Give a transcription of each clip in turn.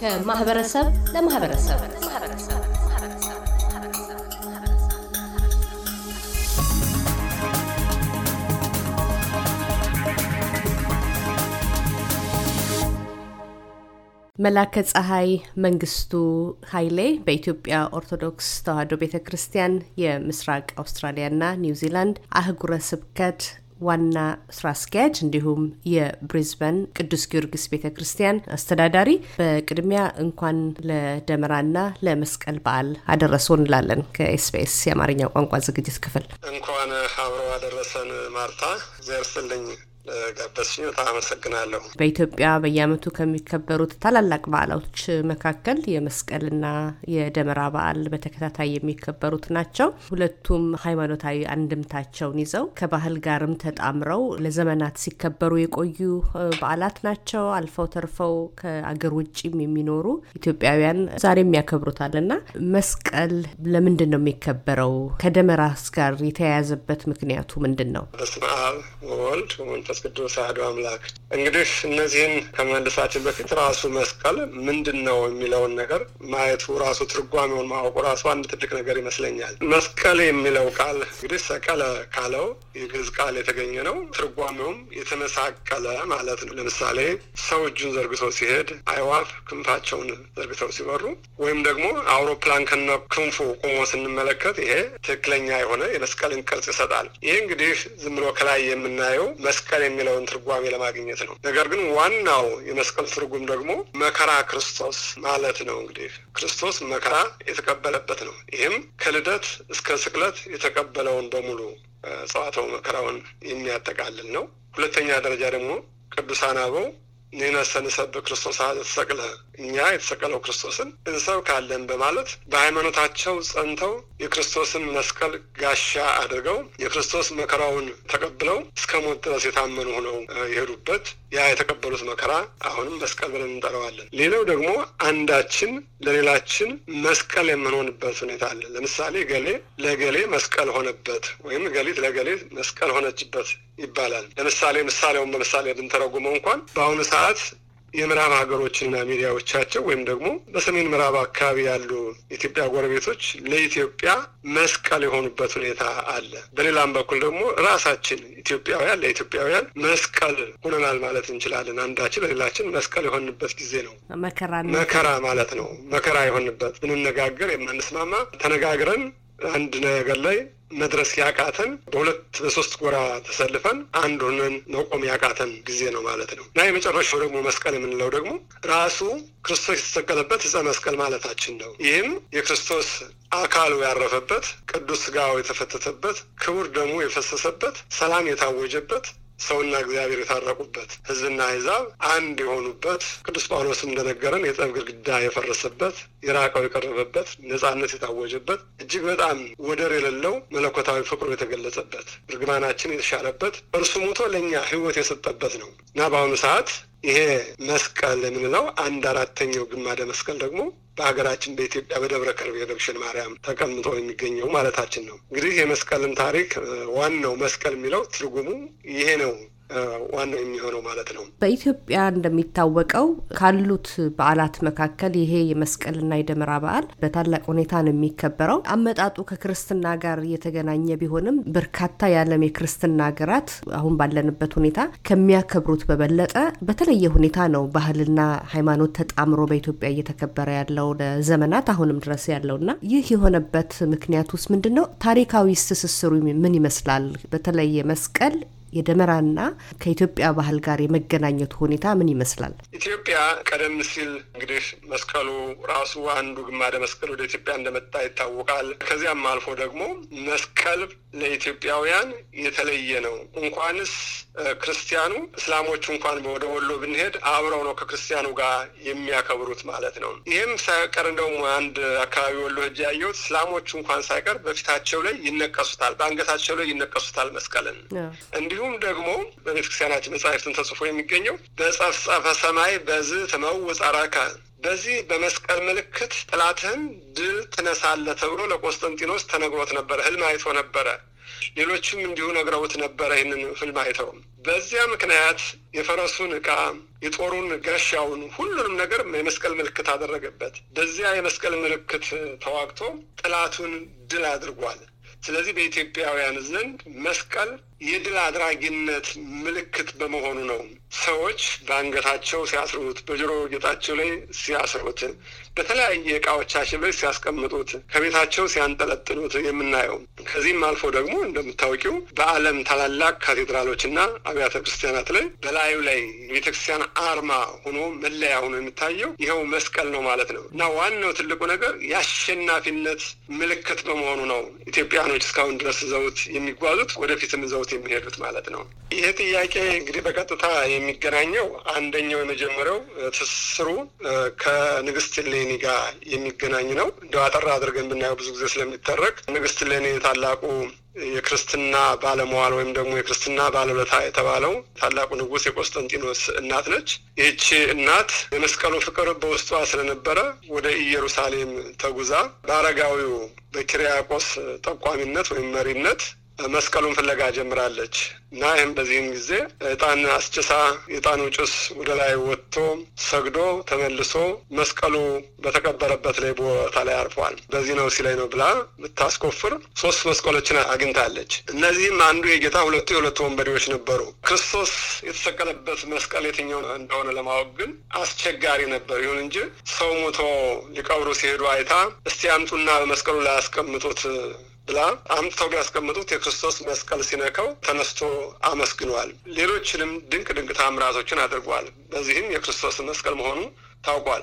ከማህበረሰብ ለማህበረሰብ መላከ ፀሐይ መንግስቱ ኃይሌ በኢትዮጵያ ኦርቶዶክስ ተዋህዶ ቤተ ክርስቲያን የምስራቅ አውስትራሊያና ኒውዚላንድ አህጉረ ስብከት ዋና ስራ አስኪያጅ እንዲሁም የብሪዝበን ቅዱስ ጊዮርጊስ ቤተ ክርስቲያን አስተዳዳሪ፣ በቅድሚያ እንኳን ለደመራና ለመስቀል በዓል አደረሰው እንላለን። ከኤስቢኤስ የአማርኛ ቋንቋ ዝግጅት ክፍል እንኳን አብረው አደረሰን። ማርታ ዘርስልኝ ለጋበዝሽኝ በጣም አመሰግናለሁ። በኢትዮጵያ በየዓመቱ ከሚከበሩት ታላላቅ በዓላቶች መካከል የመስቀልና የደመራ በዓል በተከታታይ የሚከበሩት ናቸው። ሁለቱም ሃይማኖታዊ አንድምታቸውን ይዘው ከባህል ጋርም ተጣምረው ለዘመናት ሲከበሩ የቆዩ በዓላት ናቸው። አልፈው ተርፈው ከአገር ውጭም የሚኖሩ ኢትዮጵያውያን ዛሬም ያከብሩታል መስቀል ለምንድን ነው የሚከበረው? ከደመራስ ጋር የተያያዘበት ምክንያቱ ምንድን ነው? በስመ አብ ወወልድ መንፈስ ቅዱስ አህዶ አምላክ። እንግዲህ እነዚህን ከመልሳችን በፊት ራሱ መስቀል ምንድን ነው የሚለውን ነገር ማየቱ ራሱ ትርጓሜውን ማወቁ ራሱ አንድ ትልቅ ነገር ይመስለኛል። መስቀል የሚለው ቃል እንግዲህ ሰቀለ ካለው የግዕዝ ቃል የተገኘ ነው። ትርጓሜውም የተመሳቀለ ማለት ነው። ለምሳሌ ሰው እጁን ዘርግቶ ሲሄድ፣ አይዋፍ ክንፋቸውን ዘርግተው ሲበሩ፣ ወይም ደግሞ አውሮፕላን ከነ ክንፉ ቆሞ ስንመለከት ይሄ ትክክለኛ የሆነ የመስቀልን ቅርጽ ይሰጣል። ይህ እንግዲህ ዝም ብሎ ከላይ የምናየው መስቀል የሚለውን ትርጓሜ ለማግኘት ነው። ነገር ግን ዋናው የመስቀል ትርጉም ደግሞ መከራ ክርስቶስ ማለት ነው። እንግዲህ ክርስቶስ መከራ የተቀበለበት ነው። ይህም ከልደት እስከ ስቅለት የተቀበለውን በሙሉ ጸዋትወ መከራውን የሚያጠቃልል ነው። ሁለተኛ ደረጃ ደግሞ ቅዱሳን አበው ንሕነሰ ንሰብእ ክርስቶስ ተሰቅለ እኛ የተሰቀለው ክርስቶስን እንሰብካለን በማለት በሃይማኖታቸው ጸንተው የክርስቶስን መስቀል ጋሻ አድርገው የክርስቶስ መከራውን ተቀብለው እስከ ሞት ድረስ የታመኑ ሆነው የሄዱበት ያ የተቀበሉት መከራ አሁንም መስቀል ብለን እንጠራዋለን። ሌላው ደግሞ አንዳችን ለሌላችን መስቀል የምንሆንበት ሁኔታ አለ። ለምሳሌ ገሌ ለገሌ መስቀል ሆነበት ወይም ገሊት ለገሌ መስቀል ሆነችበት ይባላል። ለምሳሌ ምሳሌውን በምሳሌ ብንተረጉመው እንኳን በአሁኑ ሰዓት የምዕራብ ሀገሮችና ሚዲያዎቻቸው ወይም ደግሞ በሰሜን ምዕራብ አካባቢ ያሉ ኢትዮጵያ ጎረቤቶች ለኢትዮጵያ መስቀል የሆኑበት ሁኔታ አለ። በሌላም በኩል ደግሞ ራሳችን ኢትዮጵያውያን ለኢትዮጵያውያን መስቀል ሆነናል ማለት እንችላለን። አንዳችን ለሌላችን መስቀል የሆንበት ጊዜ ነው። መከራ ማለት ነው። መከራ የሆንበት ብንነጋገር የማንስማማ ተነጋግረን አንድ ነገር ላይ መድረስ ያቃተን በሁለት በሶስት ጎራ ተሰልፈን አንድ ሆነን መቆም ያቃተን ጊዜ ነው ማለት ነው እና የመጨረሻው ደግሞ መስቀል የምንለው ደግሞ ራሱ ክርስቶስ የተሰቀለበት ዕፀ መስቀል ማለታችን ነው። ይህም የክርስቶስ አካሉ ያረፈበት፣ ቅዱስ ስጋው የተፈተተበት፣ ክቡር ደሙ የፈሰሰበት፣ ሰላም የታወጀበት ሰውና እግዚአብሔር የታረቁበት ህዝብና አሕዛብ አንድ የሆኑበት ቅዱስ ጳውሎስም እንደነገረን የጠብ ግድግዳ የፈረሰበት የራቀው የቀረበበት ነጻነት የታወጀበት እጅግ በጣም ወደር የሌለው መለኮታዊ ፍቅሩ የተገለጸበት እርግማናችን የተሻረበት እርሱ ሞቶ ለእኛ ህይወት የሰጠበት ነው እና በአሁኑ ሰዓት ይሄ መስቀል የምንለው አንድ አራተኛው ግማደ መስቀል ደግሞ በሀገራችን በኢትዮጵያ በደብረ ከርቤ ደብሽን ማርያም ተቀምጦ የሚገኘው ማለታችን ነው። እንግዲህ የመስቀልን ታሪክ ዋናው መስቀል የሚለው ትርጉሙ ይሄ ነው ዋናው የሚሆነው ማለት ነው። በኢትዮጵያ እንደሚታወቀው ካሉት በዓላት መካከል ይሄ የመስቀልና የደመራ በዓል በታላቅ ሁኔታ ነው የሚከበረው። አመጣጡ ከክርስትና ጋር የተገናኘ ቢሆንም በርካታ የዓለም የክርስትና ሀገራት አሁን ባለንበት ሁኔታ ከሚያከብሩት በበለጠ በተለየ ሁኔታ ነው ባህልና ሃይማኖት ተጣምሮ በኢትዮጵያ እየተከበረ ያለው ለዘመናት አሁንም ድረስ ያለውና ይህ የሆነበት ምክንያት ውስጥ ምንድን ነው? ታሪካዊ ትስስሩ ምን ይመስላል? በተለይ መስቀል የደመራና ከኢትዮጵያ ባህል ጋር የመገናኘቱ ሁኔታ ምን ይመስላል? ኢትዮጵያ ቀደም ሲል እንግዲህ መስቀሉ ራሱ አንዱ ግማደ መስቀል ወደ ኢትዮጵያ እንደመጣ ይታወቃል። ከዚያም አልፎ ደግሞ መስቀል ለኢትዮጵያውያን የተለየ ነው። እንኳንስ ክርስቲያኑ እስላሞቹ እንኳን ወደ ወሎ ብንሄድ አብረው ነው ከክርስቲያኑ ጋር የሚያከብሩት ማለት ነው። ይህም ሳይቀር እንደውም አንድ አካባቢ ወሎ ሄጄ ያየሁት እስላሞቹ እንኳን ሳይቀር በፊታቸው ላይ ይነቀሱታል፣ በአንገታቸው ላይ ይነቀሱታል መስቀልን እንዲሁ እንዲሁም ደግሞ በቤተክርስቲያናችን መጽሐፍትን ተጽፎ የሚገኘው በጸፍጸፈ ሰማይ በዝ ትመውጸረከ በዚህ በመስቀል ምልክት ጠላትህን ድል ትነሳለ ተብሎ ለቆስጠንጢኖስ ተነግሮት ነበረ። ህልም አይቶ ነበረ። ሌሎችም እንዲሁ ነግረውት ነበረ። ይህንን ህልም አይተው በዚያ ምክንያት የፈረሱን ዕቃ የጦሩን ጋሻውን ሁሉንም ነገር የመስቀል ምልክት አደረገበት። በዚያ የመስቀል ምልክት ተዋግቶ ጠላቱን ድል አድርጓል። ስለዚህ በኢትዮጵያውያን ዘንድ መስቀል የድል አድራጊነት ምልክት በመሆኑ ነው። ሰዎች በአንገታቸው ሲያስሩት፣ በጆሮ ጌጣቸው ላይ ሲያስሩት፣ በተለያየ እቃዎቻቸው ላይ ሲያስቀምጡት፣ ከቤታቸው ሲያንጠለጥሉት የምናየው ከዚህም አልፎ ደግሞ እንደምታውቂው በዓለም ታላላቅ ካቴድራሎችና አብያተ ክርስቲያናት ላይ በላዩ ላይ የቤተክርስቲያን አርማ ሆኖ መለያ ሆኖ የሚታየው ይኸው መስቀል ነው ማለት ነው እና ዋናው ትልቁ ነገር የአሸናፊነት ምልክት በመሆኑ ነው ኢትዮጵያኖች እስካሁን ድረስ ዘውት የሚጓዙት ወደፊትም ዘው ይዘውት የሚሄዱት ማለት ነው። ይህ ጥያቄ እንግዲህ በቀጥታ የሚገናኘው አንደኛው የመጀመሪያው ትስስሩ ከንግስት ሌኒ ጋር የሚገናኝ ነው። እንደ አጠር አድርገን ብናየው ብዙ ጊዜ ስለሚተረክ ንግስት ሌኒ ታላቁ የክርስትና ባለመዋል ወይም ደግሞ የክርስትና ባለውለታ የተባለው ታላቁ ንጉስ የቆስጠንጢኖስ እናት ነች። ይህቺ እናት የመስቀሉ ፍቅር በውስጧ ስለነበረ ወደ ኢየሩሳሌም ተጉዛ በአረጋዊው በኪሪያቆስ ጠቋሚነት ወይም መሪነት መስቀሉን ፍለጋ ጀምራለች እና ይህም በዚህም ጊዜ እጣን አስጭሳ የእጣኑ ጭስ ወደ ላይ ወጥቶ ሰግዶ ተመልሶ መስቀሉ በተቀበረበት ላይ ቦታ ላይ አርፏል። በዚህ ነው ሲላይ ነው ብላ ብታስቆፍር ሶስት መስቀሎችን አግኝታለች። እነዚህም አንዱ የጌታ ሁለቱ የሁለቱ ወንበዴዎች ነበሩ። ክርስቶስ የተሰቀለበት መስቀል የትኛው እንደሆነ ለማወቅ ግን አስቸጋሪ ነበር። ይሁን እንጂ ሰው ሙቶ ሊቀብሩ ሲሄዱ አይታ እስቲ አምጡና በመስቀሉ ላይ ያስቀምጡት ብላ አምጥተው ቢያስቀምጡት የክርስቶስ መስቀል ሲነካው ተነስቶ አመስግኗል። ሌሎችንም ድንቅ ድንቅ ታምራቶችን አድርጓል። በዚህም የክርስቶስ መስቀል መሆኑ ታውቋል።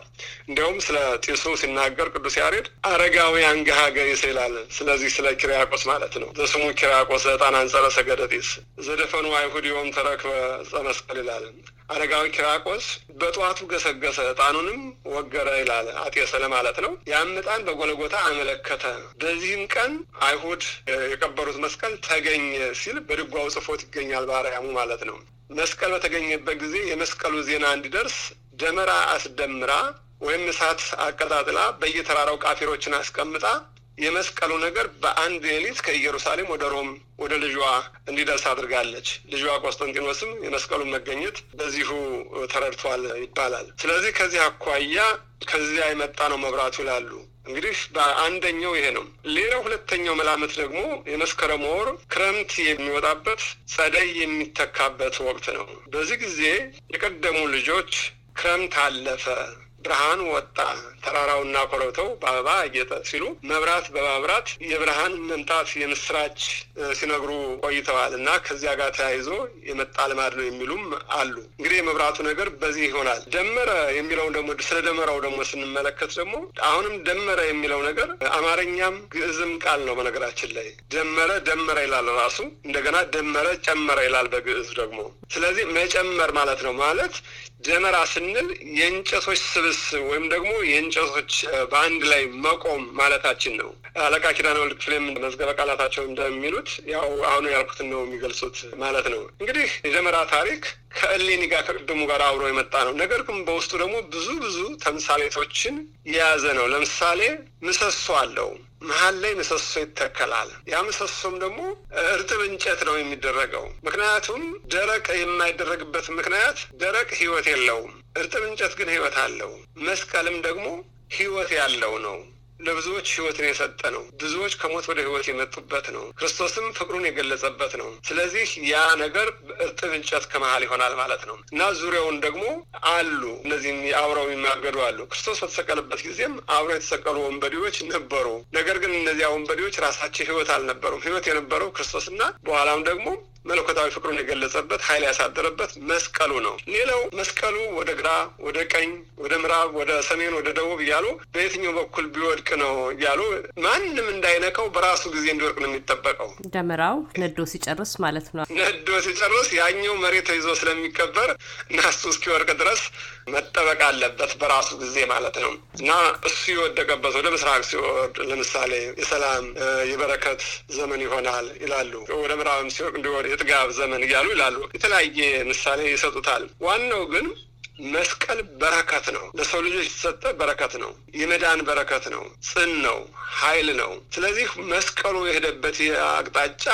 እንዲያውም ስለ ጢሱ ሲናገር ቅዱስ ያሬድ አረጋውያን ገሀገር ይላል። ስለዚህ ስለ ኪሪያቆስ ማለት ነው። ዘስሙ ኪሪያቆስ ዕጣን አንጸረ ሰገደጢስ ዘደፈኑ አይሁድ ዮም ተረክበ ጸመስቀል ይላል። አረጋዊ ኪራቆስ በጠዋቱ ገሰገሰ ዕጣኑንም ወገረ ይላል። አጤሰ ለማለት ነው። ያም ዕጣን በጎለጎታ አመለከተ። በዚህም ቀን አይሁድ የቀበሩት መስቀል ተገኘ ሲል በድጓው ጽፎት ይገኛል። ባርያሙ ማለት ነው። መስቀል በተገኘበት ጊዜ የመስቀሉ ዜና እንዲደርስ ደመራ አስደምራ ወይም እሳት አቀጣጥላ በየተራራው ቃፊሮችን አስቀምጣ የመስቀሉ ነገር በአንድ ሌሊት ከኢየሩሳሌም ወደ ሮም ወደ ልጇ እንዲደርስ አድርጋለች። ልጇ ቆስጠንጢኖስም የመስቀሉን መገኘት በዚሁ ተረድቷል ይባላል። ስለዚህ ከዚህ አኳያ ከዚያ የመጣ ነው መብራቱ ይላሉ። እንግዲህ በአንደኛው ይሄ ነው። ሌላው ሁለተኛው መላምት ደግሞ የመስከረም ወር ክረምት የሚወጣበት ጸደይ የሚተካበት ወቅት ነው። በዚህ ጊዜ የቀደሙ ልጆች ክረምት አለፈ ብርሃን ወጣ፣ ተራራውና ኮረብተው በአበባ አጌጠ ሲሉ መብራት በማብራት የብርሃን መምጣት የምስራች ሲነግሩ ቆይተዋል እና ከዚያ ጋር ተያይዞ የመጣ ልማድ ነው የሚሉም አሉ። እንግዲህ የመብራቱ ነገር በዚህ ይሆናል። ደመረ የሚለውን ደግሞ ስለ ደመራው ደግሞ ስንመለከት ደግሞ አሁንም ደመረ የሚለው ነገር አማርኛም ግዕዝም ቃል ነው። በነገራችን ላይ ደመረ ደመረ ይላል ራሱ እንደገና ደመረ ጨመረ ይላል በግዕዝ ደግሞ። ስለዚህ መጨመር ማለት ነው ማለት ደመራ ስንል የእንጨቶች ስብ ስ ወይም ደግሞ የእንጨቶች በአንድ ላይ መቆም ማለታችን ነው። አለቃ ኪዳነ ወልድ ክፍሌም መዝገበ ቃላታቸው እንደሚሉት ያው አሁኑ ያልኩትን ነው የሚገልጹት ማለት ነው። እንግዲህ የደመራ ታሪክ ከእሌኒ ጋር ከቅድሙ ጋር አብሮ የመጣ ነው። ነገር ግን በውስጡ ደግሞ ብዙ ብዙ ተምሳሌቶችን የያዘ ነው። ለምሳሌ ምሰሶ አለው። መሀል ላይ ምሰሶ ይተከላል። ያ ምሰሶም ደግሞ እርጥብ እንጨት ነው የሚደረገው። ምክንያቱም ደረቅ የማይደረግበት ምክንያት ደረቅ ህይወት የለውም። እርጥብ እንጨት ግን ህይወት አለው። መስቀልም ደግሞ ህይወት ያለው ነው። ለብዙዎች ህይወትን የሰጠ ነው። ብዙዎች ከሞት ወደ ህይወት የመጡበት ነው። ክርስቶስም ፍቅሩን የገለጸበት ነው። ስለዚህ ያ ነገር እርጥብ እንጨት ከመሀል ይሆናል ማለት ነው እና ዙሪያውን ደግሞ አሉ እነዚህም አብረው የሚማገዱ አሉ። ክርስቶስ በተሰቀለበት ጊዜም አብረው የተሰቀሉ ወንበዴዎች ነበሩ። ነገር ግን እነዚያ ወንበዴዎች ራሳቸው ህይወት አልነበሩም። ህይወት የነበረው ክርስቶስና በኋላም ደግሞ መለኮታዊ ፍቅሩን የገለጸበት ኃይል ያሳደረበት መስቀሉ ነው። ሌላው መስቀሉ ወደ ግራ፣ ወደ ቀኝ፣ ወደ ምዕራብ፣ ወደ ሰሜን፣ ወደ ደቡብ እያሉ በየትኛው በኩል ቢወድቅ ነው እያሉ ማንም እንዳይነካው በራሱ ጊዜ እንዲወድቅ ነው የሚጠበቀው። ደመራው ነዶ ሲጨርስ ማለት ነው። ነዶ ሲጨርስ ያኛው መሬት ተይዞ ስለሚቀበር እና እሱ እስኪወድቅ ድረስ መጠበቅ አለበት በራሱ ጊዜ ማለት ነው እና እሱ የወደቀበት ወደ ምስራቅ ሲወርድ ለምሳሌ የሰላም የበረከት ዘመን ይሆናል ይላሉ። ወደ ምዕራብም ሲወቅ እንዲወድ የጥጋብ ዘመን እያሉ ይላሉ። የተለያየ ምሳሌ ይሰጡታል። ዋናው ግን መስቀል በረከት ነው። ለሰው ልጆች የተሰጠ በረከት ነው። የመዳን በረከት ነው። ጽን ነው። ኃይል ነው። ስለዚህ መስቀሉ የሄደበት አቅጣጫ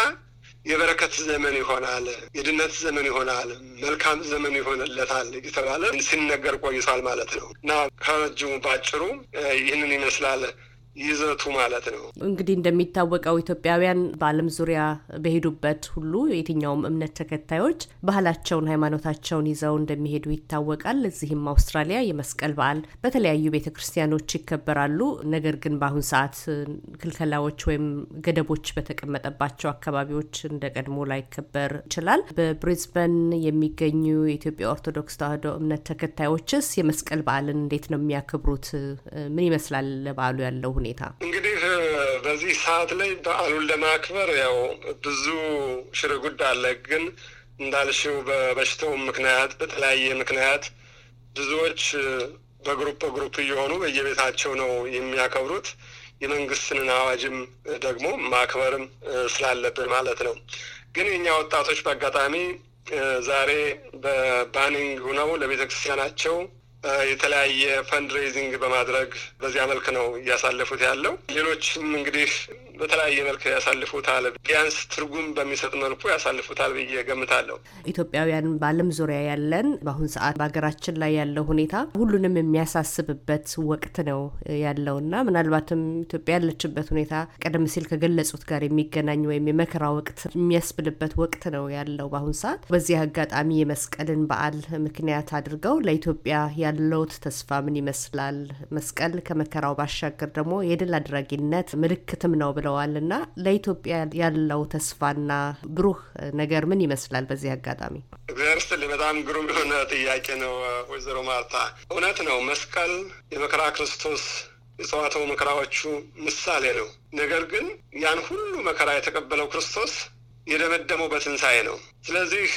የበረከት ዘመን ይሆናል፣ የድነት ዘመን ይሆናል፣ መልካም ዘመን ይሆንለታል እየተባለ ሲነገር ቆይቷል ማለት ነው እና ከረጅሙ ባጭሩ ይህንን ይመስላል። ይዘቱ ማለት ነው። እንግዲህ እንደሚታወቀው ኢትዮጵያውያን በዓለም ዙሪያ በሄዱበት ሁሉ የትኛውም እምነት ተከታዮች ባህላቸውን፣ ሃይማኖታቸውን ይዘው እንደሚሄዱ ይታወቃል። እዚህም አውስትራሊያ የመስቀል በዓል በተለያዩ ቤተ ክርስቲያኖች ይከበራሉ። ነገር ግን በአሁን ሰዓት ክልከላዎች ወይም ገደቦች በተቀመጠባቸው አካባቢዎች እንደ ቀድሞ ላይከበር ይችላል። በብሪዝበን የሚገኙ የኢትዮጵያ ኦርቶዶክስ ተዋህዶ እምነት ተከታዮችስ የመስቀል በዓልን እንዴት ነው የሚያከብሩት? ምን ይመስላል ለበዓሉ ያለው ሁኔታ? ሁኔታ? እንግዲህ በዚህ ሰዓት ላይ በዓሉን ለማክበር ያው ብዙ ሽርጉድ አለ። ግን እንዳልሽው በበሽታው ምክንያት በተለያየ ምክንያት ብዙዎች በግሩፕ በግሩፕ እየሆኑ በየቤታቸው ነው የሚያከብሩት። የመንግስትንን አዋጅም ደግሞ ማክበርም ስላለብን ማለት ነው። ግን የኛ ወጣቶች በአጋጣሚ ዛሬ በባኒንግ ሁነው ለቤተክርስቲያናቸው የተለያየ ፈንድሬዚንግ በማድረግ በዚያ መልክ ነው እያሳለፉት ያለው። ሌሎችም እንግዲህ በተለያየ መልክ ያሳልፉታል። ቢያንስ ትርጉም በሚሰጥ መልኩ ያሳልፉታል ብዬ ገምታለሁ። ኢትዮጵያውያን በዓለም ዙሪያ ያለን በአሁን ሰዓት በሀገራችን ላይ ያለው ሁኔታ ሁሉንም የሚያሳስብበት ወቅት ነው እና ምናልባትም ኢትዮጵያ ያለችበት ሁኔታ ቀደም ሲል ከገለጹት ጋር የሚገናኝ ወይም የመከራ ወቅት የሚያስብልበት ወቅት ነው ያለው በአሁን ሰዓት። በዚህ አጋጣሚ የመስቀልን በዓል ምክንያት አድርገው ለኢትዮጵያ ያለውት ተስፋ ምን ይመስላል? መስቀል ከመከራው ባሻገር ደግሞ የድል አድራጊነት ምልክትም ነው ብለው እና ለኢትዮጵያ ያለው ተስፋና ብሩህ ነገር ምን ይመስላል? በዚህ አጋጣሚ እግዚአብሔር ይስጥልኝ። በጣም ግሩም የሆነ ጥያቄ ነው ወይዘሮ ማርታ። እውነት ነው መስቀል የመከራ ክርስቶስ የጸዋተው መከራዎቹ ምሳሌ ነው። ነገር ግን ያን ሁሉ መከራ የተቀበለው ክርስቶስ የደመደመው በትንሣኤ ነው። ስለዚህ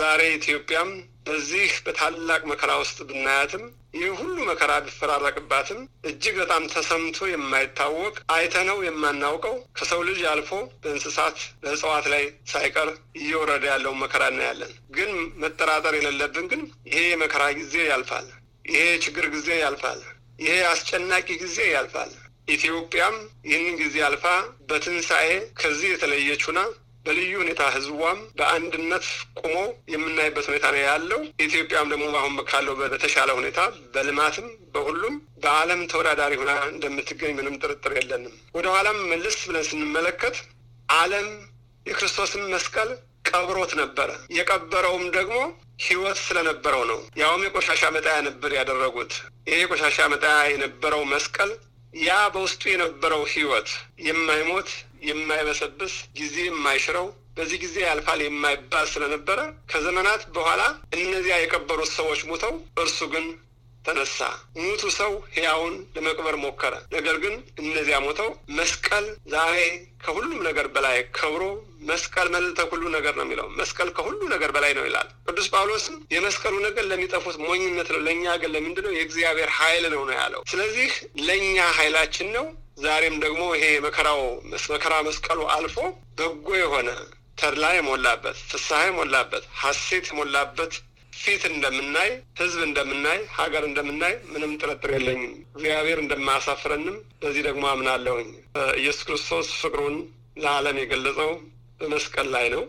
ዛሬ ኢትዮጵያም በዚህ በታላቅ መከራ ውስጥ ብናያትም ይህ ሁሉ መከራ ቢፈራረቅባትም እጅግ በጣም ተሰምቶ የማይታወቅ አይተነው የማናውቀው ከሰው ልጅ አልፎ በእንስሳት በእጽዋት ላይ ሳይቀር እየወረደ ያለውን መከራ እናያለን። ግን መጠራጠር የሌለብን ግን ይሄ የመከራ ጊዜ ያልፋል፣ ይሄ የችግር ጊዜ ያልፋል፣ ይሄ አስጨናቂ ጊዜ ያልፋል። ኢትዮጵያም ይህንን ጊዜ አልፋ በትንሣኤ ከዚህ የተለየች ሁና በልዩ ሁኔታ ህዝቧም በአንድነት ቆሞ የምናይበት ሁኔታ ነው ያለው። ኢትዮጵያም ደግሞ አሁን ካለው በተሻለ ሁኔታ በልማትም በሁሉም በዓለም ተወዳዳሪ ሆና እንደምትገኝ ምንም ጥርጥር የለንም። ወደኋላም መልስ ብለን ስንመለከት ዓለም የክርስቶስን መስቀል ቀብሮት ነበረ። የቀበረውም ደግሞ ህይወት ስለነበረው ነው። ያውም የቆሻሻ መጣያ ነበር ያደረጉት። ይሄ የቆሻሻ መጣያ የነበረው መስቀል ያ በውስጡ የነበረው ህይወት የማይሞት የማይበሰብስ ጊዜ የማይሽረው በዚህ ጊዜ ያልፋል የማይባል ስለነበረ ከዘመናት በኋላ እነዚያ የቀበሩት ሰዎች ሙተው እርሱ ግን ተነሳ። ሙቱ ሰው ሕያውን ለመቅበር ሞከረ። ነገር ግን እነዚያ ሞተው መስቀል ዛሬ ከሁሉም ነገር በላይ ከብሮ መስቀል መልዕልተ ሁሉ ነገር ነው የሚለው መስቀል ከሁሉ ነገር በላይ ነው ይላል ቅዱስ ጳውሎስም። የመስቀሉ ነገር ለሚጠፉት ሞኝነት ነው፣ ለእኛ ግን ለምንድነው? የእግዚአብሔር ኃይል ነው ነው ያለው። ስለዚህ ለእኛ ኃይላችን ነው ዛሬም ደግሞ ይሄ መከራው መከራ መስቀሉ አልፎ በጎ የሆነ ተድላ የሞላበት ፍስሐ የሞላበት ሀሴት የሞላበት ፊት እንደምናይ ህዝብ እንደምናይ ሀገር እንደምናይ ምንም ጥርጥር የለኝም። እግዚአብሔር እንደማያሳፍረንም በዚህ ደግሞ አምናለሁኝ። ኢየሱስ ክርስቶስ ፍቅሩን ለዓለም የገለጸው በመስቀል ላይ ነው።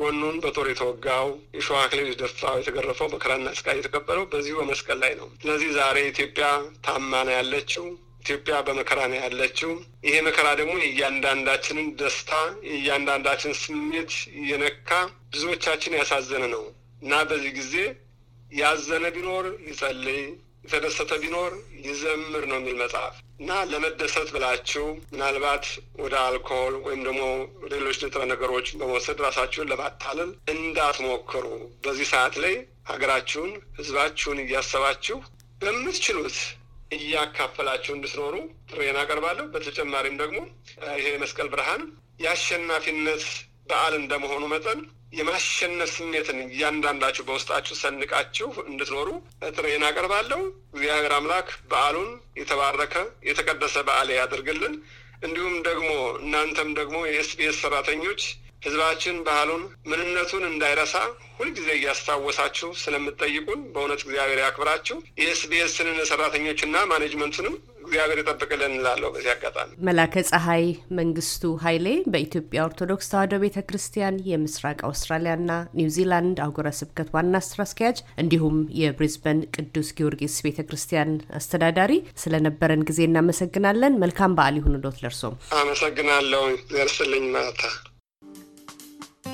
ጎኑን በጦር የተወጋው የሸዋ አክሊል ደፋው የተገረፈው መከራና ስቃይ የተቀበለው በዚሁ በመስቀል ላይ ነው። ስለዚህ ዛሬ ኢትዮጵያ ታማና ያለችው ኢትዮጵያ በመከራ ነው ያለችው። ይሄ መከራ ደግሞ እያንዳንዳችንን ደስታ፣ እያንዳንዳችን ስሜት እየነካ ብዙዎቻችን ያሳዘነ ነው እና በዚህ ጊዜ ያዘነ ቢኖር ይጸልይ፣ የተደሰተ ቢኖር ይዘምር ነው የሚል መጽሐፍ እና ለመደሰት ብላችሁ ምናልባት ወደ አልኮል ወይም ደግሞ ሌሎች ንጥረ ነገሮች በመውሰድ ራሳችሁን ለማታለል እንዳትሞክሩ። በዚህ ሰዓት ላይ ሀገራችሁን፣ ህዝባችሁን እያሰባችሁ በምትችሉት እያካፈላችሁ እንድትኖሩ ጥሬን አቀርባለሁ። በተጨማሪም ደግሞ ይሄ የመስቀል ብርሃን የአሸናፊነት በዓል እንደመሆኑ መጠን የማሸነፍ ስሜትን እያንዳንዳችሁ በውስጣችሁ ሰንቃችሁ እንድትኖሩ ጥሬን አቀርባለሁ። እግዚአብሔር አምላክ በዓሉን የተባረከ የተቀደሰ በዓል ያደርግልን። እንዲሁም ደግሞ እናንተም ደግሞ የኤስቢኤስ ሰራተኞች ህዝባችን ባህሉን፣ ምንነቱን እንዳይረሳ ሁልጊዜ እያስታወሳችሁ ስለምትጠይቁን በእውነት እግዚአብሔር ያክብራችሁ። የኤስቢኤስን ሰራተኞችና ማኔጅመንቱንም እግዚአብሔር ይጠብቅልን እላለሁ። በዚህ አጋጣሚ መላከ ፀሐይ መንግስቱ ኃይሌ በኢትዮጵያ ኦርቶዶክስ ተዋሕዶ ቤተ ክርስቲያን የምስራቅ አውስትራሊያና ኒውዚላንድ አህጉረ ስብከት ዋና ስራ አስኪያጅ እንዲሁም የብሪዝበን ቅዱስ ጊዮርጊስ ቤተ ክርስቲያን አስተዳዳሪ ስለነበረን ጊዜ እናመሰግናለን። መልካም በዓል ይሁንልዎት። ለርሶም አመሰግናለሁ። ዘርስልኝ ማታ